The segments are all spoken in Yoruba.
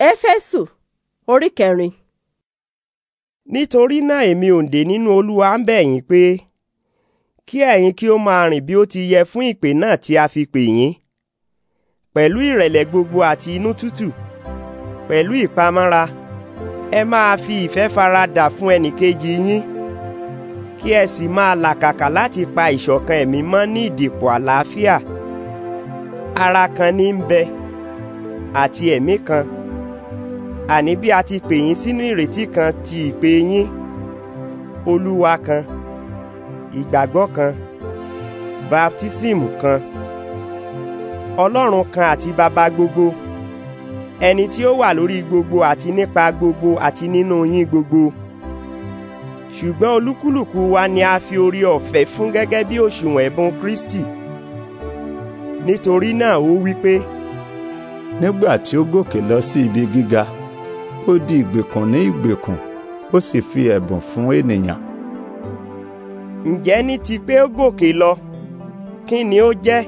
éfésù orí kẹrin. nítorí náà èmi òǹdè nínú olúwa ń bẹ̀ yín pé kí ẹ̀yin kí ó máa rìn bí ó ti yẹ fún ìpè náà tí a fi pè yín pẹ̀lú ìrẹ̀lẹ̀ gbogbo àti inú tútù pẹ̀lú ìpamọ́ra ẹ máa fi ìfẹ́ faradà fún ẹnìkejì yín kí ẹ sì máa làkàkà láti pa ìṣọ̀kan ẹ̀mí mọ́ ní ìdìpọ̀ àlàáfíà ara kan ní ń bẹ àti ẹ̀mí kan àní bí a ti pè yín sínú ìrètí kan ti ìpè yín olúwa kan ìgbàgbọ́ kan baptisímù kan ọlọ́run kan àti bàbá gbogbo ẹni tí ó wà lórí gbogbo àti nípa gbogbo àti nínú yín gbogbo ṣùgbọ́n olúkúlùkù wa ni a fi orí ọ̀fẹ́ fún gẹ́gẹ́ bí òṣùwọ̀n ẹ̀bùn Kristi nítorí náà ó wí pé. nígbà tí ó gòkè lọ sí ibi gíga ó di ìgbèkùn ní ìgbèkùn ó sì fi ẹ̀bùn fún ènìyàn. ǹjẹ́ ní ti pé ó gòkè lọ kí ni ó jẹ́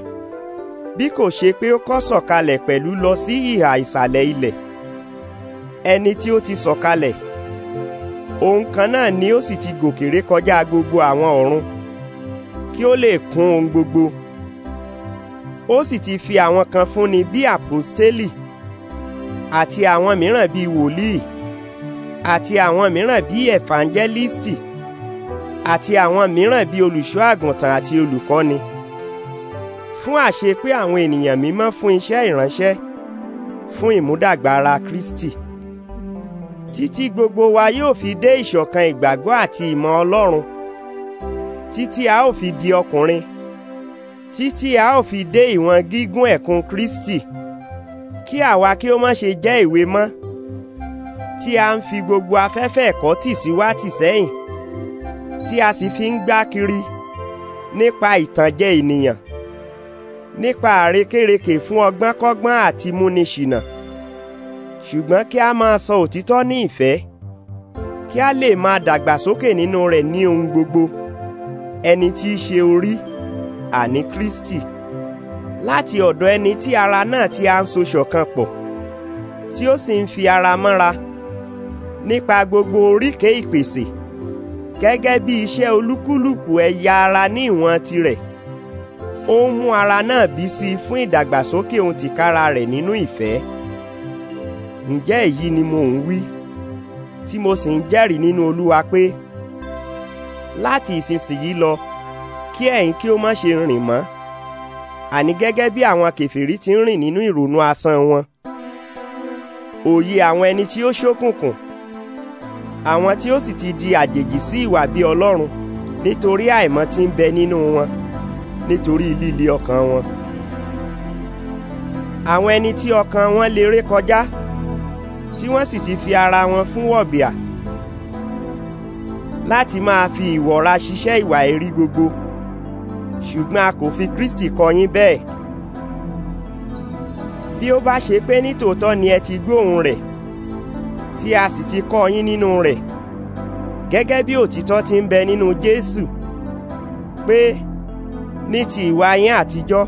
bí kò ṣe pé ó kọ́ sọ̀kalẹ̀ pẹ̀lú lọ sí ìhà ìsàlẹ̀ ilẹ̀ ẹni tí ó ti sọ̀kalẹ̀ òun kan náà ni ó sì ti gòkè ré kọjá gbogbo àwọn ọ̀run kí ó lè kún ohun gbogbo ó sì ti fi àwọn kan fúnni bí àpòstélì àti àwọn mìíràn bíi wòlíì àti àwọn mìíràn bíi ẹ̀fàǹjẹ́lísítì àti àwọn mìíràn bíi olùṣọ́ àgùntàn àti olùkọ́ni fún àṣepé àwọn ènìyàn mímọ́ fún iṣẹ́ ìránṣẹ́ fún ìmúdàgbà ara Kristi títí gbogbo wa yóò fi dé ìṣọ̀kan ìgbàgbọ́ àti ìmọ̀ Ọlọ́run títí a ó fi di ọkùnrin títí a ó fi dé ìwọ̀n gígùn ẹ̀kún Kristi kí àwa kí ó má ṣe jẹ́ ìwé mọ́ tí a ń fi gbogbo afẹ́fẹ́ ẹ̀kọ́ tì sí wá tì sẹ́yìn tí a sì fi ń gbá kiri nípa ìtànjẹ ènìyàn nípa àrékérekè fún ọgbọ́nkọ́gbọ́n àti múniṣìnà ṣùgbọ́n kí a máa sọ òtítọ́ ní ìfẹ́ kí a lè máa dàgbàsókè nínú rẹ̀ ní ohun gbogbo ẹni tí í ṣe orí àní Kristi láti ọ̀dọ̀ ẹni tí ara náà tí a ń so ṣọ̀kan pọ̀ tí ó sì ń fi ara mọ́ra nípa gbogbo oríkèé ìpèsè gẹ́gẹ́ bí iṣẹ́ olúkúlùkù ẹ̀yà ara ní ìwọ̀n tirẹ̀ ó ń mú ara náà bí sí i fún ìdàgbàsókè ohun tìkára rẹ̀ nínú ìfẹ́ ǹjẹ́ èyí ni mo ń wí tí mo sì ń jẹ́rìí nínú olúwa pé láti ìsinsìnyí lọ kí ẹ̀yin kí ó má ṣe rìn mọ́ àní gẹ́gẹ́ bí àwọn kèfèrí ti ń rìn nínú ìrònú asán wọn òye àwọn ẹni tí ó ṣókùnkùn àwọn tí ó sì ti di àjèjì sí ìwà bí Ọlọ́run nítorí àìmọ̀ tí ń bẹ nínú wọn nítorí líle ọkàn wọn àwọn ẹni tí ọkàn wọn lè ré kọjá tí wọ́n sì ti fi ara wọn fún wọ̀bìà láti máa fi ìwọra ṣiṣẹ́ ìwà èrí gbogbo ṣùgbọ́n a kò fi Kristi kọ yín bẹ́ẹ̀ bí ó bá ṣe pé nítòótọ́ ni ẹ ti gbóhùn rẹ̀ tí a sì ti kọ́ yín nínú rẹ̀ gẹ́gẹ́ bí òtítọ́ ti ń bẹ nínú Jésù pé ní ti ìwà yín àtijọ́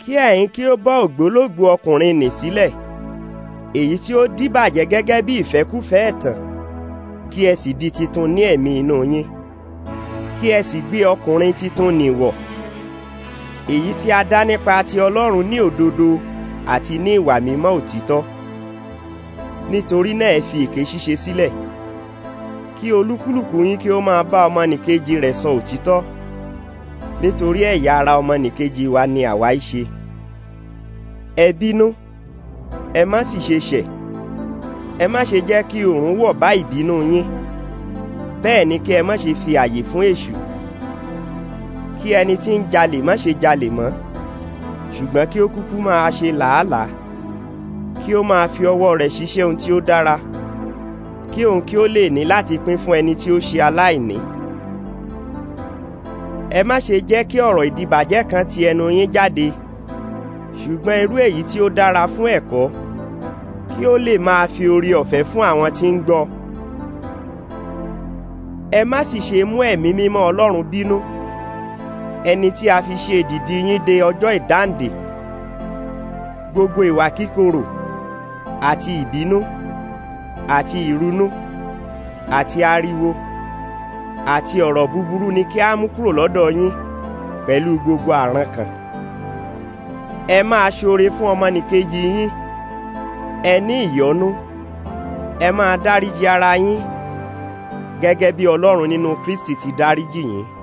kí ẹ̀yin kí ó bọ́ ògbólógbòó ọkùnrin nì sílẹ̀ èyí tí ó díbàjẹ́ gẹ́gẹ́ bí ìfẹ́kúfẹ̀ẹ́ ẹ̀tàn kí ẹ sì di titun ní ẹ̀mí inú yín kí ẹ sì gbé ọkùnrin titun nìwọ̀ èyí tí a dá nípa ti Ọlọ́run ní òdodo àti ní ìwà mímọ́ òtítọ́ nítorí náà ẹ fi èké ṣíṣe sílẹ̀ kí olúkúlùkù yín kí ó máa bá ọmọnìkejì rẹ̀ sọ òtítọ́ nítorí ẹ̀yà ara ọmọnìkejì wa ni àwa í ṣe ẹ bínú ẹ má sì ṣe ṣẹ̀ ẹ má ṣe jẹ́ kí oòrùn wọ̀ bá ìbínú yín bẹ́ẹ̀ ni kí ẹ má ṣe fi àyè fún èṣù kí ẹni tí ń jalè má ṣe jalè mọ́ ṣùgbọ́n kí ó kúkú máa ṣe làálàá kí ó máa fi ọwọ́ rẹ̀ ṣiṣẹ́ ohun tí ó dára kí òun kí ó lè ní láti pín fún ẹni tí ó ṣe aláìní ẹ má ṣe jẹ́ kí ọ̀rọ̀ ìdìbàjẹ́ kan ti ẹnu yín jáde ṣùgbọ́n irú èyí tí ó dára fún ẹ̀kọ́ kí ó lè máa fi oore ọ̀fẹ́ fún àwọn tí ń gbọ́ ẹ má sì ṣe mú ẹ̀mí mímọ́ Ọlọ́run bínú ẹni tí a fi ṣe èdìdì yín de ọjọ́ ìdáǹdè gbogbo ìwà kíkorò àti ìbínú àti ìrunú àti ariwo àti ọ̀rọ̀ búburú ni kí a mú kúrò lọ́dọ̀ yín pẹ̀lú gbogbo àrankàn ẹ máa ṣoore fún ọmọnìkejì yín ẹ ní ìyọ́nú ẹ máa dáríji ara yín gẹ́gẹ́ bí Ọlọ́run nínú Kristi ti dáríjì yín